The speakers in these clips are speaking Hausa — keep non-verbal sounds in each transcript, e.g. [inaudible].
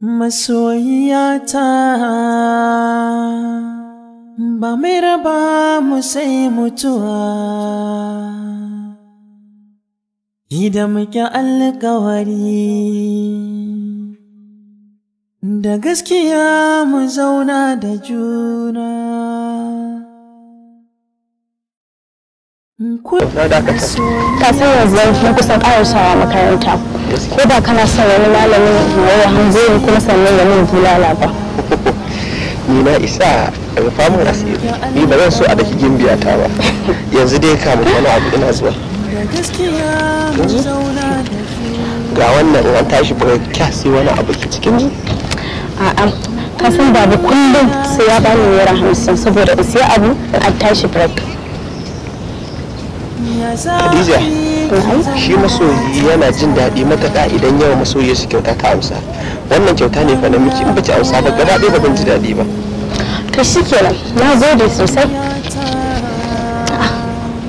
Masoyiyata ba mai raba mu sai mutuwa, ida muke alkawari da gaskiya mu zauna da juna. Ka san yanzu kusan ƙarasawa makaranta. ko ba kana son wani malamin ya hanzo yin kuma sannan ya mun bulala ba [laughs] ni na isa ga famun asiri ni ba zan so a daki gimbiya ba yanzu dai ka mutu wani abu ina zuwa ga wannan in an tashi bugar kyasi wani abu ke cikin ji a'a ka san babu kullum sai ya bani naira hamsin saboda in sai abu an tashi break Khadija Mhm. shi masoyi yana jin daɗi matuƙa idan yawa masoyi su kyauta ka amsa wannan kyauta ne fa na miki in baki amsa ba gaba ɗaya ba ban ji daɗi ba to kenan na gode sosai ah,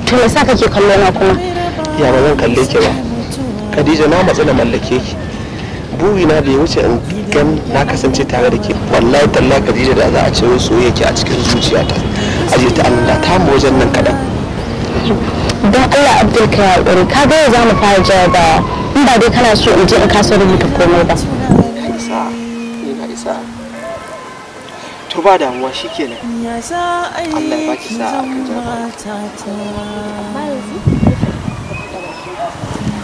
to me sa kake kallo na kuma ya ba zan kalle ki ba Khadija na matsa na mallake ki burina da ya wuce in gan na kasance tare da ke wallahi talla Khadija da za a ce soyayya ki a cikin zuciyata aje ta Allah ta mu wajen nan kaɗan don Allah Abdul ka hakuri ka ga za mu fara ba, in ba dai kana so in je in kasa rubuta komai ba to ba damuwa shikenan Allah ya baki sa'a kan jarabawa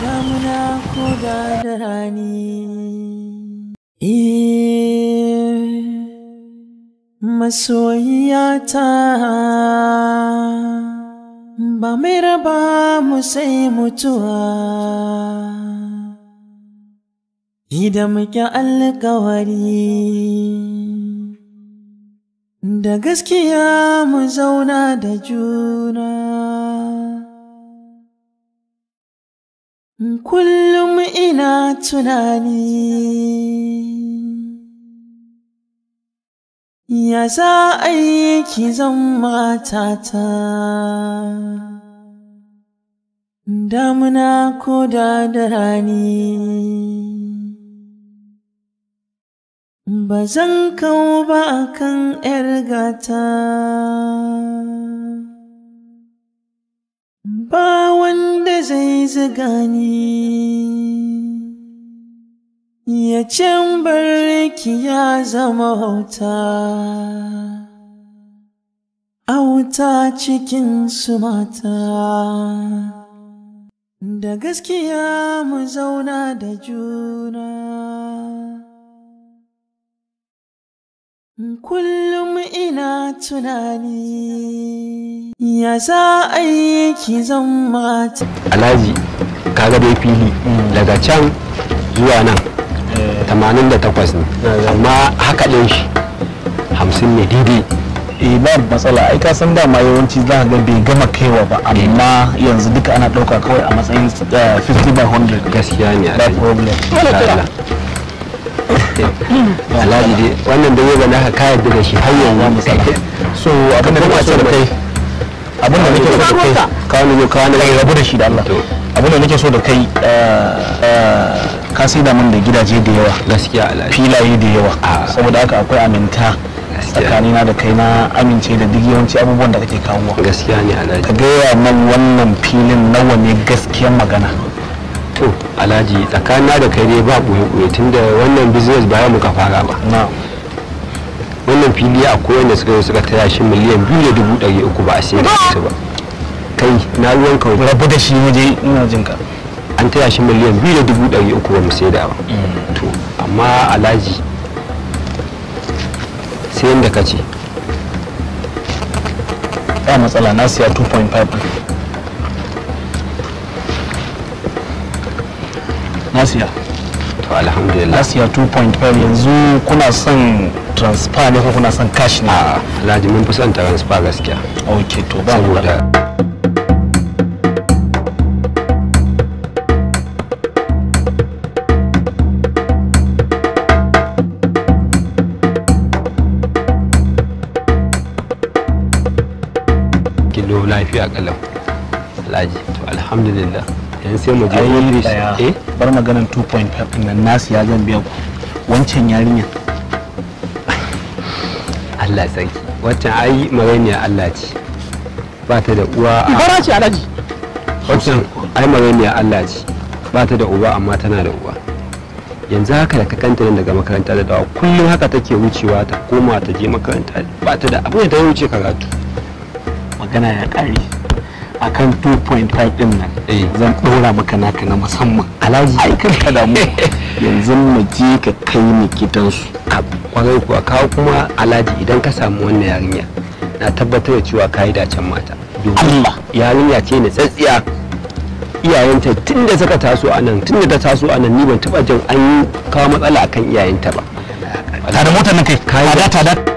damuna ko da rani masoyiyata ba mai raba mu sai mutuwa idan muke alkawari da gaskiya mu zauna da juna kullum ina tunani ya za a yi ki zan matata damuna ko da da rani ba zan kawo ba a kan ‘yar gata ba wanda zai zaga ni ya can barki ya zama hauta auta cikin su mata da gaskiya mu zauna da juna kullum ina tunani ya za a ki zan mata alhaji kaga dai fili daga can zuwa nan 88 ne amma haka ɗin shi 50 ne daidai eh ba matsala ai ka san dama yawanci za ga bai gama kaiwa ba amma yanzu duka ana ɗauka kawai a matsayin 50 eh, by 100 gaskiya ne ba problem alhaji dai wannan da yaba naka ka yarda da shi har yanzu so abin da nake so da kai abin da nake so da kai ka wani zo ka wani rabu da shi da Allah abin da nake so da kai eh, eh, ka sai da mun da gidaje da yawa gaskiya filaye da yawa ah. saboda haka akwai aminta tsakanina da kai na amince da duk yawanci abubuwan da kake kawo gaskiya ne alhaji ka gaya man wannan filin nawa ne gaskiyar magana to alhaji tsakanina da kai ne ba ɓoye-ɓoye tunda wannan business ba mu muka fara ba wannan fili a kowanne suka yi suka taya shi miliyan biyu da dubu ɗari uku ba a sai da su ba kai na ruwan kawai rabu da shi waje ina jin ka an taya shi miliyan biyu da dubu ɗari uku ba mu sai da ba mm. to amma alhaji sai yadda ka ce ya matsala na siya 2.5 na siya to alhamdulillah na siya 2.5 yanzu kuna son transfer ne ko kuna son cash ne a alhaji mun fi son transfer gaskiya ok to ba mu da a kalau alhaji to alhamdulillah yan sai mu je wani da shi bar maganan 2.5 nan nasu ya zan biya ku wancan yarinya Allah sarki wacce ai magainiya Allah ce ba ta da uwa a bara ce ai Allah ce ba ta da uba amma tana da uwa yanzu haka da ka kanta nan daga makaranta da dawa kullum haka take wucewa ta koma ta je makaranta ba ta da abin da ta wuce karatu magana ya a akan 2.5 din nan eh. zan ɗora maka naka na musamman alhaji ai kan ka damu [laughs] yanzu mu je ka kai ni gidansu kwarai kuwa kawo kuma alhaji idan ka samu wannan yarinya na tabbatar da cewa ka yi dacen mata Allah yarinya ce ne tsatsiya iyayenta tun da suka taso a nan tun da ta taso a nan ni ban taba jin an kawo matsala akan iyayenta ba. da motar nan kai, ka da ta da.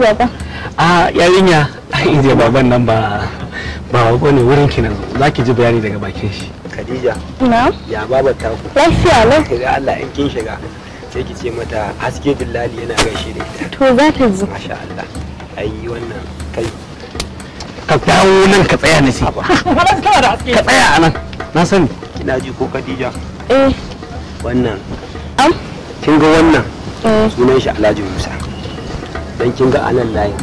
baba a yarinya inda baban nan ba ba baba ne wurin kinan za ki ji bayani daga bakin shi Khadija na ya baba ta ku lafiya ne ga Allah in kin shiga sai ki ce mata haske billahi yana gaishe da ita to za ta zo masha Allah ai wannan kai ka dawo nan ka tsaya na ce [laughs] ka tsaya a nan na sani kina ji ko Khadija eh wannan am kin ga wannan eh. sunan shi Alhaji Musa dan kin ga anan layin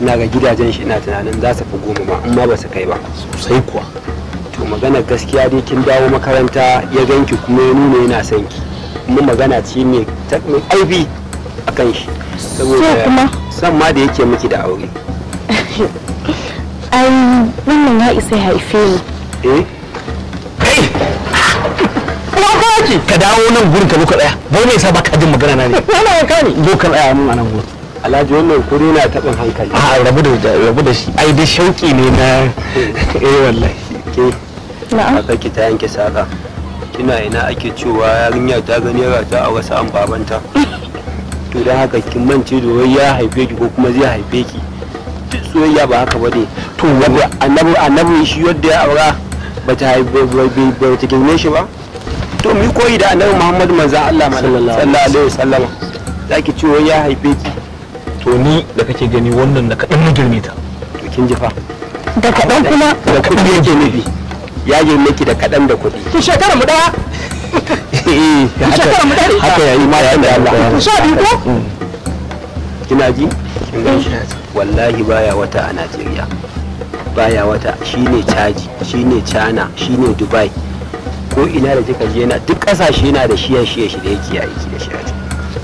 ina ga gidajen shi ina tunanin za su fi goma ma amma ba su kai ba sosai kuwa to magana gaskiya dai kin dawo makaranta ya ganki kuma ya nuna yana son ki kuma magana ce mai aibi a kan shi saboda san ma da yake miki da aure [laughs] ai wannan ya isa haife ni eh kai ka dawo nan gurin ka lokaci daya bai mai sa ka jin magana na ne [laughs] yana ka ne zo ka tsaya mun a gurin alhaji wannan kuri na taɓin hankali a rabu da rabu da shi ai da shauƙi ne na [laughs] eh wallahi ke na'am aka ki ta yanke saka kina ina ake cewa yarinya ta gani ta a wasu an babanta to dan haka kin mance da wai ya haife ki ko kuma zai haife ki soyayya ba haka bane to wanda annabi annabi shi yadda ya aura ba ta haife ba ta gine shi ba to mi koyi da annabi Muhammad manzo Allah sallallahu alaihi wasallam zaki ci wai ya haife ki to ni da kake gani wannan da kaɗan na girme ta to kin ji fa da kaɗan kuma da kaɗan yake nufi ya girme ki da kaɗan da kuɗi ki shekara mu ɗaya eh, shekara mu ɗari haka yayi ma yayi da Allah sha biyu ko mm. kina ji wallahi baya wata a Najeriya baya wata shine caji shine cana shine dubai ko ina da kika je na? duk kasashe na da shiya shiya shi da yake aiki da shi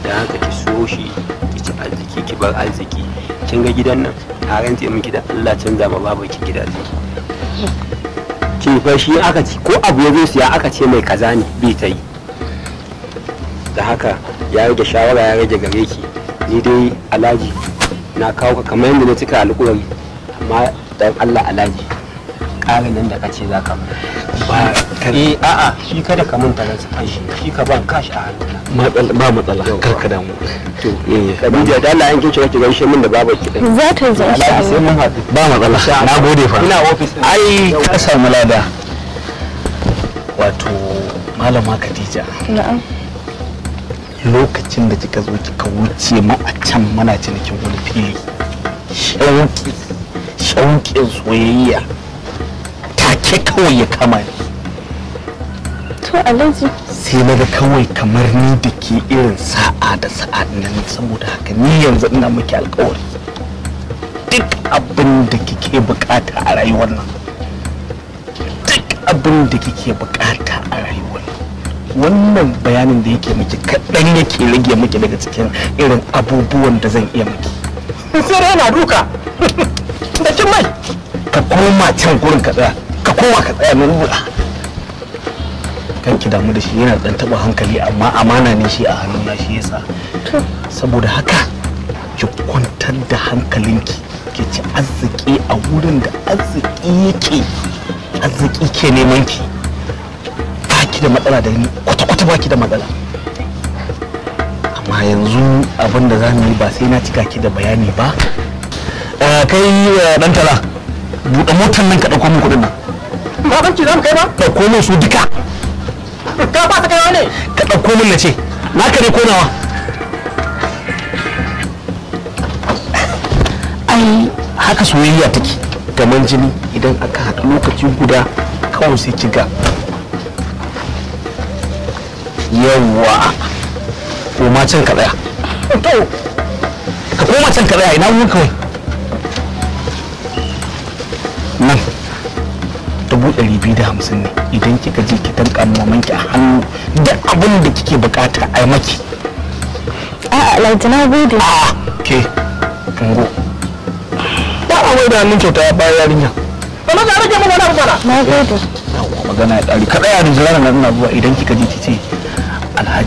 da haka ki so shi ki bar arziki kin ga gidan nan A rantse miki da Allah canza ma babu ki gida ki fa shi aka ci ko abu ya zo siya aka ce mai kaza ne bi ta yi da haka ya rage shawara ya rage gare ki ni dai alaji na kawo ka kamar yadda na cika alƙawari amma dan Allah alaji ƙarin nan da kace zaka ka ba eh a'a shi kada ka manta da tsakan shi shi ka ban kashi a hannu ba matsala kar ka damu to eh, eh. Khadija da Allah yankin ki gaishe min da babar ki din za ta zo sai mun haɗu ba matsala na gode fa ina office ai ka samu lada wato malama Khadija na'am lokacin da kika zo kika wuce mu a can muna cinikin wani fili shauƙi shauƙin soyayya take kawai ya kama ni to alhaji sai na ga kawai kamar ni da ke irin sa'a da sa'a nan saboda haka ni yanzu ina miki alkawari duk abin da kike bukata a rayuwar nan duk abin da kike bukata a rayuwar wannan bayanin da yake miki kaɗan yake rage miki daga cikin irin abubuwan da zan iya miki sai yana duka da kin mai ka koma can gurin ka tsaya ka koma ka tsaya na ki damu da shi yana dan taba hankali amma amana ne shi a hannuna shi yasa saboda haka ki kwantar da hankalinki ki ci arziki a wurin da arziki yake arziki ke neman ki ba ki da matsala da ni kwata kwata ba ki da matsala amma yanzu abin da za mu yi ba sai na cika ki da bayani ba eh, kai eh, dan tala buɗe motar nan ka ɗauko min kuɗin nan ba ɗauki za mu kai ba ɗauko min su duka ka ba ta kaiwa ne ka ɗauko min na ce na ka ne konawa ai haka soyayya take kamar jini idan aka haɗa lokaci guda kawai sai kiga yawwa ma can ka tsaya to ka koma can ka tsaya ina mun kawai dubu ɗari biyu da hamsin ne idan kika je ki tanka mamanki a hannu abin da kike bukata a maki a'a lantina gode a ke kungo ba a da hannun kyauta ya bayar yarinya ba na zara ke magana magana na gode magana ya ɗari na zuwa idan kika je ki ce alhaji